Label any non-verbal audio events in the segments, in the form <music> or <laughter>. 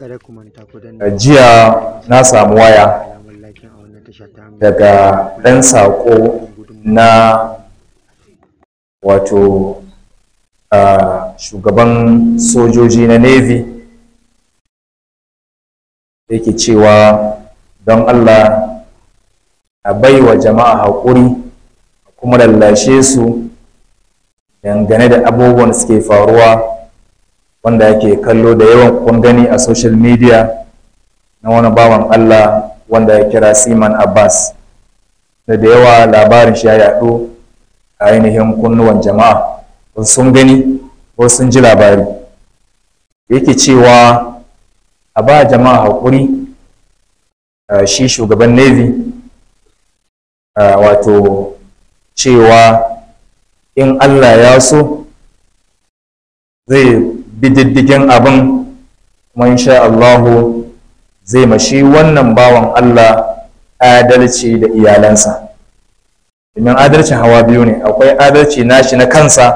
Eh, jiya na samu waya daga ɗan saƙo na wato shugaban sojoji na navy yake cewa don allah a bai wa jama'a haƙuri kuma lallashe su dangane da abubuwan suke faruwa wanda yake kallo da yawan kun a social media na wani bawan Allah wanda ya kira Siman Abbas da da yawa labarin shi ya yaɗo a ainihin kunnuwan jama'a sun gani ko sun ji labari yake cewa a ba jama'a haƙuri shi shugaban navy wato cewa in Allah ya so zai bididdigin abin kuma insha Allahu zai mashi wannan bawan Allah adalci da iyalansa domin adalcin hawa biyu ne akwai adalci nashi na kansa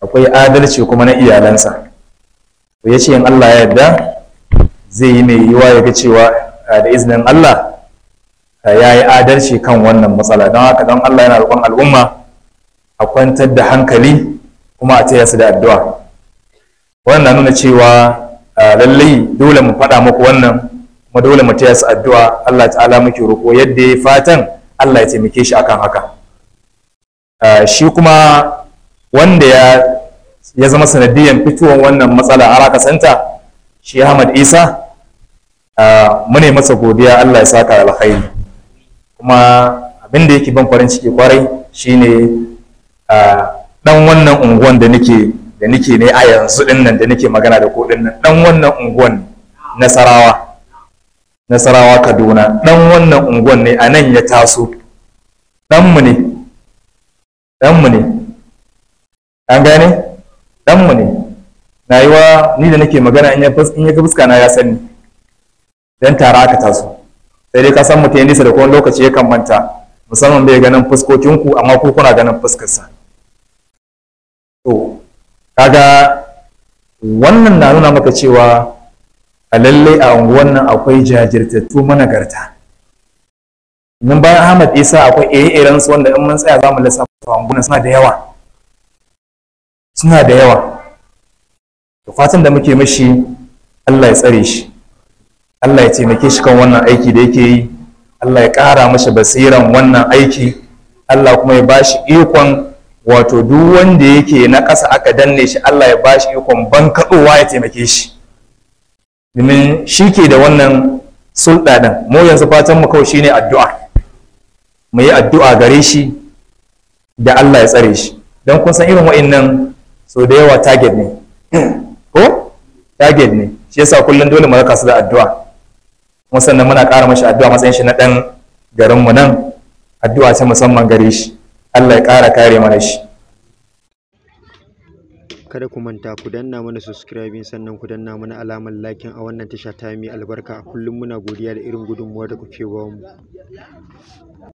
akwai adalci kuma na iyalansa Ku yace in Allah ya yarda zai yi mai yiwa ya ga cewa da izinin Allah ya yi adalci kan wannan matsala don haka don Allah yana roƙon al'umma a kwantar da hankali kuma a taya su da addu'a wannan na nuna cewa lallai dole mu faɗa muku wannan kuma dole mu taya su addu'a Allah ta'ala muke roƙo yadda ya fatan Allah ya taimake shi akan haka shi kuma wanda ya ya zama sanadiyan fitowar wannan matsala a raka santa shi Ahmad Isa mu ne masa godiya Allah ya saka alkhairi kuma abin da yake ban farin ciki kwarai shine dan wannan unguwan da nake da nike ne a yanzu din nan da nike magana da ko din nan dan wannan unguwan nasarawa nasarawa kaduna dan wannan unguwan ne a nan ya taso mu ne mu ne an gane danmu ne na yi wa ni da nake magana in ya ga fuska na ya sani dan tara aka taso sai dai ka san mutum ya nisa da kowane lokaci ya manta musamman bai ganin fuskokinku amma ku kuna ganin fuskarsa to kaga wannan na nuna maka cewa a lalle a unguwan nan akwai jajirtattu managarta mun bayan Ahmad Isa akwai iri su wanda in mun tsaya za mu lissafa unguwan suna da yawa suna da yawa to fatan da muke mashi Allah ya tsare shi Allah ya taimake shi kan wannan aiki da yake yi Allah ya ƙara mashi basiran wannan aiki Allah kuma ya bashi ikon wato duk wanda yake na ƙasa aka danne shi Allah ya ba shi ikon bankaɗowa ya taimake shi domin shi ke da wannan sulɗa ɗin mu yanzu fatan mu kawai shine addu'a mu yi addu'a gare shi da Allah ya tsare shi don kun san irin wa'innan so da yawa target ne <clears throat> ko target ne shi yasa kullum dole mu raka su da addu'a kuma muna ƙara mashi addu'a matsayin shi na ɗan garinmu nan addu'a ta musamman gare shi Allah ya ƙara kare mana shi kada ku manta ku danna mana subscribing sannan ku danna mana alamar lakin a wannan tasha ta mai albarka a kullum muna godiya da irin gudunmuwar da kuke ba mu